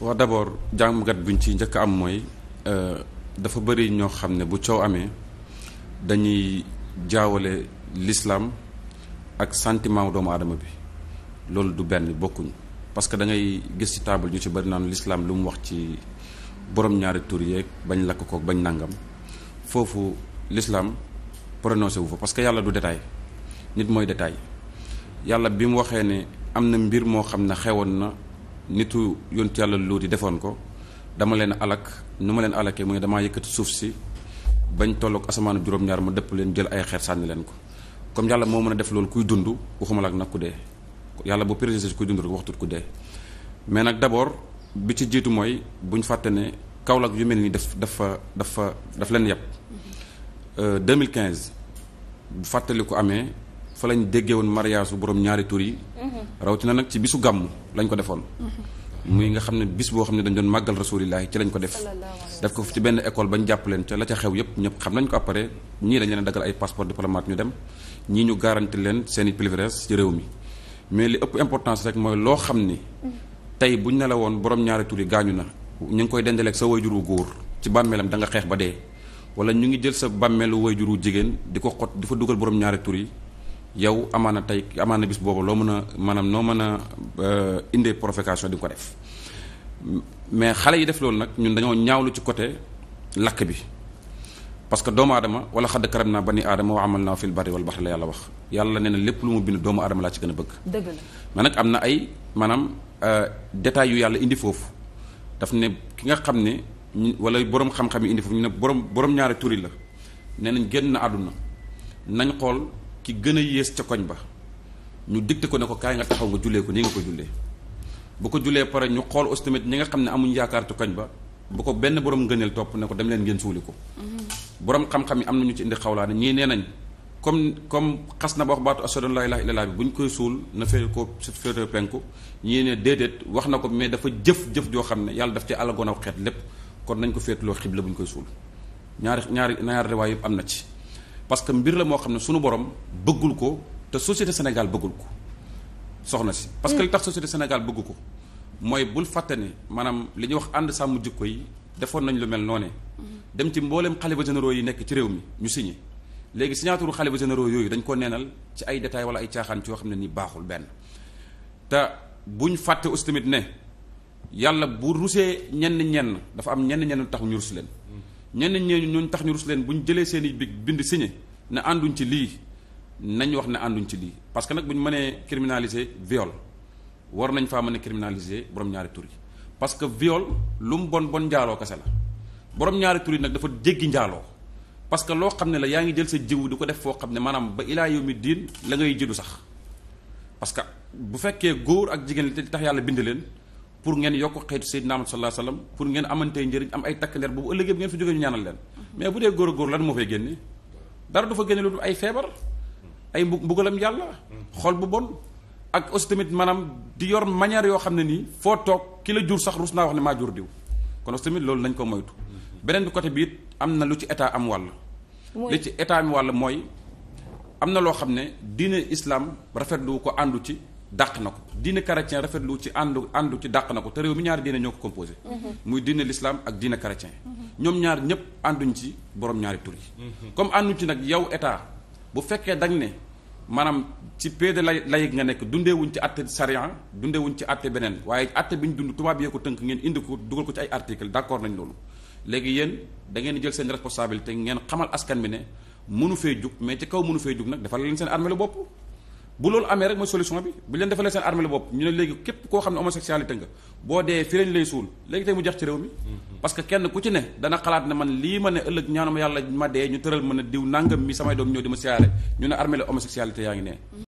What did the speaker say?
waa waaw d'abord jàngat ñu ci njëkk am mooy euh, dafa bëri ñoo xam ne bu coow amee dañuy jaawale lislaam ak sentiment wu doomu aadama bi loolu du benn bokkuñu parce que da ngay gis ci table ñu ci bëri naan l'islam lu mu wax ci borom ñaari tur yeeg bañ lakk koog bañ nangam foofu lislaam prononcé wu fa parce que yàlla du détail nit mooy détail yàlla bi mu waxee ne am na mbir moo xam ne xewoon na. nitu yonent yàlla Luut di defoon ko dama leen alak nu ma leen alakee mooy damaa yëkkati suuf si bañ tolloog asamaanu juróom-ñaar ma dëpp leen jël ay xeer sànni leen ko comme yàlla moo mën a def loolu kuy dund waxuma ak nag ku dee yàlla bu précisé si kuy dund rek waxtut ku dee mais nag d'abord bi ci jiitu mooy bu ñu fàtte ne Kaolack yu mel nii daf dafa dafa daf leen yàpp 2015 euh, bu fàttali ko amee fa lañ déggee woon mariage bu borom ñaari tur yi. Mhm. rawatina nag ci bisu gàmm lañ ko defoon. Mhm. muy nga xam ne bis boo xam ne dañ doon màggal rasulillahi ci lañ ko def. def ko ci benn école bañ jàpp leen ca la ca xew yëpp ñëpp xam nañ ko après ñii dañ leen dagal ay passeport diplomate ñu dem ñii ñu garanti leen seen i privilèges ci réew mi. mais li ëpp importance rek mooy loo xam ni. Mhm. tey bu ñu ne la woon borom ñaari tur gaañu na ñu ngi koy dendaleeg sa wayjur wu góor ci bàmmeelam da nga xeex ba dee. wala ñu ngi jël sa bàmmeelu wayjur jigéen di ko xot di fa dugal borom ñaari tur yi yow amaana tey amaana bis boobu loo mën a maanaam noo mën a euh, indee provocation di ko def mais xale yi def loolu nag ñun dañoo ñaawlu ci côté lakk bi parce que doomu adama wala xadd karam naa bani aadama wa amal naa fil barri wal baxri la yàlla wax yàlla nee na lépp lu mu bind doomu aadama laa ci gën a bëgg. dëgg la mais nag am na ay maanaam euh, détails yu yàlla indi foofu daf ne ki nga xam ne ñu wala borom xam-xam yi indi foofu ñu ne borom borom ñaari turi la nee nañ génn na àdduna xool. ki gën a yées ca koñ ba ñu digte ko ne ko kaay nga taxaw nga jullee ko nii nga ko jullee bu ko jullee pare ñu xool aussi ñi nga xam ne amuñ yaakaar ci koñ ba bu ko benn borom ngëneel topp ne ko dem leen ngeen suuli ko mm-hmm. borom xam-xam yi am na ñu ci indi xawlaane ñii nee nañ comme comme xas na ba wax baatu ashhadu an laa ilaaha illallaah bi bu koy suul na fee ko féete penku ñii ne déedéet wax na ko mais dafa jëf-jëf joo xam ne yàlla daf ci àllagoon aw xeet lépp kon nañ ko féetloo xibla bu ñu koy suul ñaari ñaari ñaari riwaay yëpp am na ci parce que mbir la moo xam ne sunu borom bëggul ko te société Sénégal bëggul ko soxna si. parce que li tax société Sénégal bëgg ko mooy bul fàtte ne maanaam li ñuy wax ànd sàmm ko yi defoon nañ lu mel noonu dem ci mboolem xalifa généraux yi nekk ci réew mi ñu signé. léegi xale xalifa généraux yooyu dañ ko neenal ci ay détails wala ay caaxaan ci yoo xam ne ni baaxul benn te ñu fàttee aussi tamit ne yàlla bu rusee ñenn ñenn dafa am ñenn ñenn tax ñu rus leen. ñenn ñeeñu ñooñu tax ñu rus leen bu ñu jëlee seeni i bind signé ne ànduñ ci lii nañ wax ne ànduñ ci lii parce que nag bu ñu mënee criminaliser viol war nañ faa mën a criminaliser borom ñaari tur yi parce que viol lu mu bon bon njaaloo kese la borom ñaari tur nag dafa jéggi njaaloo parce que loo xam ne la yaa ngi jël sa jiw di ko def foo xam ne maanaam ba ilaa yomi diin la ngay jiddu sax parce que bu fekkee góor ak jigéen li tax yàlla bind leen pour ngeen yokk xeetu Seydina Muhammad sallallahu alayhi wasallam pour ngeen amantee njëriñ am ay takk leer boobu ëllëgee bu ngeen fi jógee ñu ñaanal leen mais bu dee góor góor lan moo fay génne dara du fa génne lu dul ay feebar ay mbugalam yàlla xol bu bon ak aussi tamit maanaam di yor manière yoo xam ne nii foo toog ki la jur sax rus naa wax ne maa jur diw kon aussi loolu nañ ko moytu beneen bi côté bi it am na lu ci état am wàll li ci état am wàll mooy am na loo xam ne diine islam rafetlu ko àndu ci dàq na ko diine chrétien rafetlu ci àndu àndu ci dàq na ko te réew mi ñaari diine ñoo ko composé mm-hmm. muy diine l'islam ak diine chrétien mm-hmm. ñoom ñaar ñépp ànduñ ci borom ñaari tur yi mm-hmm. comme ànduñ ci nag yow état bu fekkee dañ ne maanaam ci péede lay layig nga nekk dundeewuñ ci atte sarian dundeewuñ ci atte beneen waaye atte bi ñu dund tubaab yee ko tënk ngeen indi ko dugal ko ci ay article d'accord nañ loolu léegi yéen da ngeen jël seen responsabilité ngeen xamal askan bi ne mënu fee jug mais ci kaw mënu fee jug nag defal leen seen armée lu bopp bu loolu amee rek mooy solution bi bu leen defalee seen armée la bopp ñu ne léegi képp koo xam ne homosexualité nga boo dee fi lañ lay suul léegi tey mu jeex ci réew mi parce que kenn ku ci ne dana xalaat ne man lii ma ne ëllëg ñaanuma yàlla ma dee ñu tëral mën a diw nangam mi samay doom ñëw di ma siyaare ñu ne armée la homosexualité yaa ngi ne